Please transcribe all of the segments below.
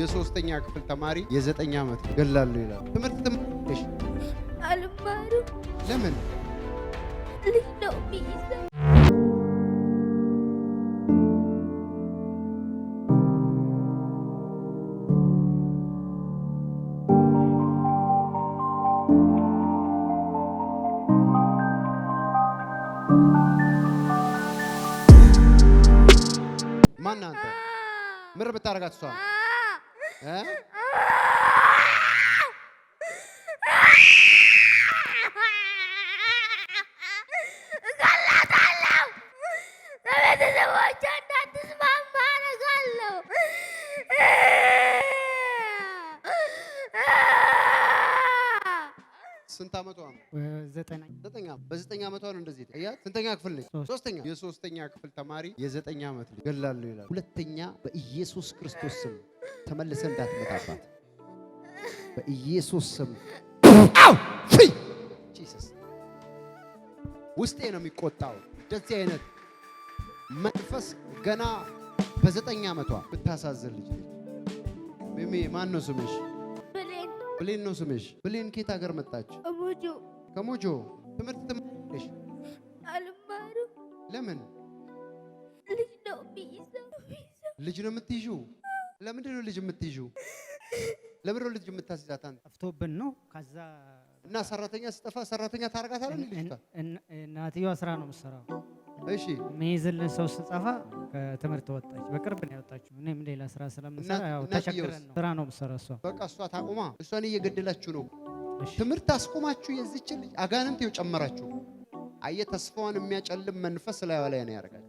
የሶስተኛ ክፍል ተማሪ የዘጠኝ ዓመት ገላሉ ይላል። ትምህርት ትምህርሽ አልማሩ ለምን ልጅ ነው ሚይዘ ማናንተ ምር ብታረጋት እሷ ስንት ዓመቷ ነው? ዘጠኝ በዘጠኝ ነው እንደዚህ ስንተኛ ክፍል ነች? ሶስተኛ የሶስተኛ ክፍል ተማሪ የዘጠኝ አመት ልጅ ገላለሁ ይላል። ሁለተኛ በኢየሱስ ክርስቶስ ስም ተመልሰ እንዳትመጣባት በኢየሱስ ስም ውስጤ ነው የሚቆጣው። እንደዚህ አይነት መንፈስ ገና በዘጠኝ ዓመቷ ብታሳዝን ልጅ ሚሚ ማን ነው ስምሽ? ብሌን ነው ስምሽ? ብሌን ኬት ሀገር መጣች? ከሞጆ ትምህርት ትምህርትሽ ለምን ልጅ ነው የምትይዥው? ለምንድን ነው ልጅ የምትይዡ? ለምንድን ነው ልጅ የምታስይዛት? አንተ አፍቶብን ነው። ከዛ እና ሰራተኛ ስጠፋ ሰራተኛ ታደርጋታለህ? ልጅቷ እናትየዋ ስራ ነው የምትሰራው። እሺ የሚይዝልን ሰው ስጠፋ ከትምህርት ወጣች። በቅርብ ነው ያወጣችው። እኔም ሌላ ስራ ስለምሰራ ያው ተቸግረን ስራ ነው የምትሰራው እሷ። በቃ እሷ ታቁማ። እሷን እየገደላችሁ ነው። ትምህርት አስቆማችሁ። የዚችን ልጅ አጋንንት ይጨመራችሁ። አየህ፣ ተስፋዋን የሚያጨልም መንፈስ ላይ ላይ ነው ያደርጋችሁ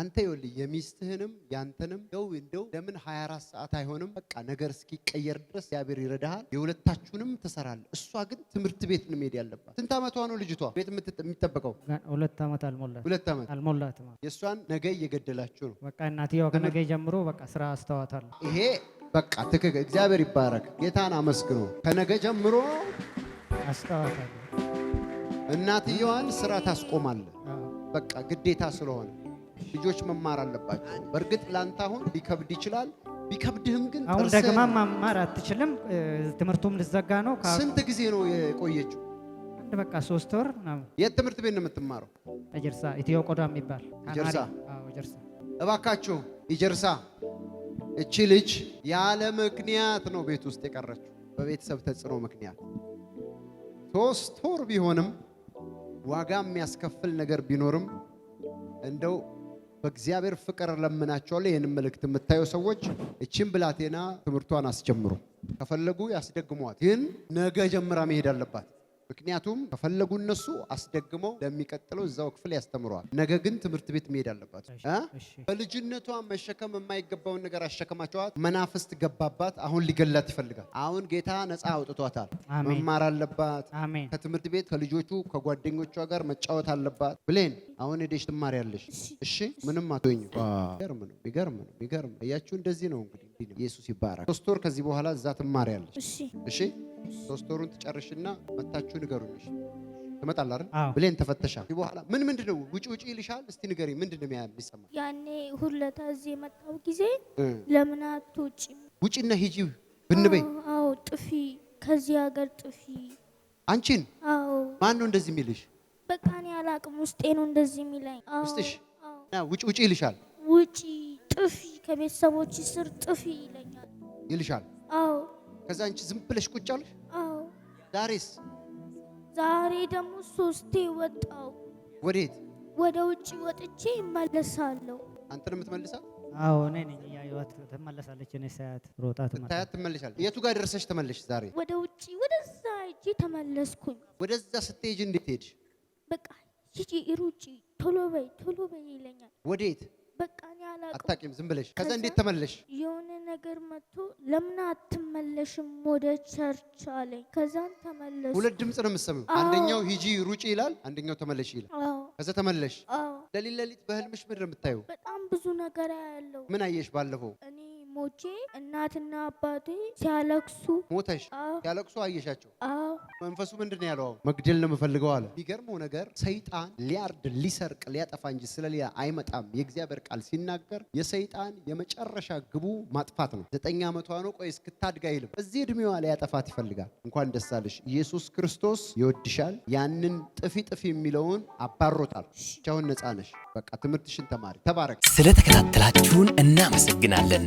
አንተ ይወል የሚስትህንም ያንተንም ው እንደው ለምን 24 ሰዓት አይሆንም? በቃ ነገር እስኪቀየር ድረስ እግዚአብሔር ይረዳሃል። የሁለታችሁንም ትሰራለህ። እሷ ግን ትምህርት ቤት ነው መሄድ ያለባት። ስንት ዓመቷ ነው ልጅቷ? ቤት የሚጠበቀው ሁለት ዓመት አልሞላት ሁለት ዓመት አልሞላት። የእሷን ነገ እየገደላችሁ ነው። በቃ እናትየዋ ከነገ ጀምሮ በቃ ስራ አስተዋታል። ይሄ በቃ ትክክል። እግዚአብሔር ይባረክ። ጌታን አመስግኖ ከነገ ጀምሮ አስተዋታል። እናትየዋን ስራ ታስቆማለህ። በቃ ግዴታ ስለሆነ ልጆች መማር አለባቸው። በእርግጥ ላንተ አሁን ሊከብድ ይችላል። ቢከብድህም ግን አሁን ደግማ መማር አትችልም። ትምህርቱም ልዘጋ ነው። ስንት ጊዜ ነው የቆየችው? አንድ በቃ ሶስት ወር ነው። የት ትምህርት ቤት ነው የምትማረው? እጀርሳ ኢትዮ ቆዳ የሚባል ጀርሳ። እባካችሁ እጀርሳ፣ እቺ ልጅ ያለ ምክንያት ነው ቤት ውስጥ የቀረችው፣ በቤተሰብ ተጽዕኖ ምክንያት ሶስት ወር ቢሆንም ዋጋ የሚያስከፍል ነገር ቢኖርም እንደው በእግዚአብሔር ፍቅር ለምናቸዋለ። ይህን መልእክት የምታዩ ሰዎች እችን ብላቴና ትምህርቷን አስጀምሩ። ከፈለጉ ያስደግሟት፣ ግን ነገ ጀምራ መሄድ አለባት። ምክንያቱም ከፈለጉ እነሱ አስደግመው ለሚቀጥለው እዛው ክፍል ያስተምረዋል። ነገ ግን ትምህርት ቤት መሄድ አለባት። በልጅነቷ መሸከም የማይገባውን ነገር አሸከማቸዋት። መናፍስት ገባባት። አሁን ሊገላት ይፈልጋል። አሁን ጌታ ነፃ አውጥቷታል። መማር አለባት። ከትምህርት ቤት ከልጆቹ ከጓደኞቿ ጋር መጫወት አለባት ብሌን አሁን ሄደሽ ትማሪያለሽ። እሺ ምንም አትወኝ። ይገርም ነው፣ ይገርም ነው፣ ይገርም እያችሁ እንደዚህ ነው እንግዲህ ኢየሱስ ይባረክ። ሶስት ወር ከዚህ በኋላ እዛ ትማሪያለሽ። እሺ ሶስት ወሩን ትጨርሽና መታችሁ ንገሩኝ። ትመጣል አይደል? ብሌን ተፈተሻ በኋላ ምን ምንድን ነው ውጪ ውጪ ይልሻል? እስቲ ንገሪኝ፣ ምንድን ነው የሚሰማ? ያኔ ሁለታ እዚህ የመጣው ጊዜ ለምን አትውጪ ውጪና ሂጂ ብንበይ፣ አዎ ጥፊ፣ ከዚህ ሀገር ጥፊ አንቺን። አዎ ማን ነው እንደዚህ የሚልሽ? አላቅም። ውስጤ ነው እንደዚህ የሚለኝ። ውስጥሽ ውጭ ውጭ ይልሻል። ውጪ ጥፊ፣ ከቤተሰቦች ስር ጥፊ ይለኛል ይልሻል። አዎ። ከዛ አንቺ ዝም ብለሽ ቁጭ አለሽ። አዎ። ዛሬስ? ዛሬ ደግሞ ሶስቴ ወጣው። ወዴት? ወደ ውጭ ወጥቼ ይመለሳለሁ። አንተን የምትመልሳት? አዎ እኔ ነኝ። ያዩት ትመለሳለች። እኔ ሳያት ሮጣ ትመለሳለች። የቱ ጋር ደርሰሽ ተመለሽ? ዛሬ ወደ ውጭ ወደዛ ሂጅ ተመለስኩኝ። ወደዛ ስትሄጂ እንዴት ሄድሽ? በቃ ሂጂ ሩጪ፣ ቶሎ በይ ቶሎ በይ ይለኛል። ወዴት በቃ እኔ አላውቅም። አታውቂም? ዝም ብለሽ ከዛ እንዴት ተመለሽ? የሆነ ነገር መጥቶ ለምን አትመለሽም ወደ ቸርች አለኝ። ከዛን ተመለሽ። ሁለት ድምፅ ነው የምትሰሚው። አንደኛው ሂጂ ሩጪ ይላል፣ አንደኛው ተመለሽ ይላል። ከዛ ተመለሽ። ሌሊት ለሊት በህልምሽ ምድር የምታየው በጣም ብዙ ነገር ያለው ምን አየሽ? ባለፈው እኔ ወንድሞቼ እናትና አባቴ ሲያለቅሱ ሞተሽ ሲያለቅሱ አየሻቸው። መንፈሱ ምንድን ነው ያለው? መግደል ነው የምፈልገው አለ። የሚገርመው ነገር ሰይጣን ሊያርድ፣ ሊሰርቅ፣ ሊያጠፋ እንጂ ስለሌላ አይመጣም። የእግዚአብሔር ቃል ሲናገር የሰይጣን የመጨረሻ ግቡ ማጥፋት ነው። ዘጠኝ ዓመቷ ነው። ቆይ እስክታድግ አይልም። እዚህ እድሜዋ ሊያጠፋት ይፈልጋል። እንኳን ደስ አለሽ። ኢየሱስ ክርስቶስ ይወድሻል። ያንን ጥፊ ጥፊ የሚለውን አባሮታል። ቻሁን ነፃ ነሽ። በቃ ትምህርትሽን ተማሪ። ተባረክ። ስለተከታተላችሁን እናመሰግናለን።